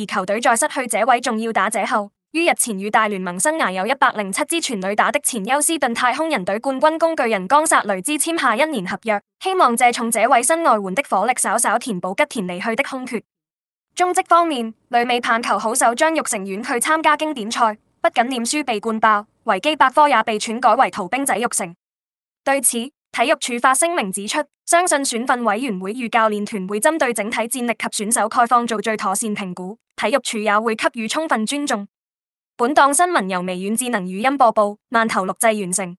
而球隊在失去這位重要打者後，於日前與大聯盟生涯有一百零七支全壘打的前休斯頓太空人隊冠軍工具人岡薩雷斯簽下一年合約，希望借助這位新外援的火力稍稍填補吉田離去的空缺。中職方面，旅美棒球好手張玉成遠去參加經典賽，不僅臉書被灌爆，維基百科也被篡改為逃兵仔玉成。對此，體育處發聲明指出，相信選訓委員會與教練團會針對整體戰力及選手開放做最妥善評估，體育處也會給予充分尊重。本檔新聞由微軟智能語音播報，慢頭錄製完成。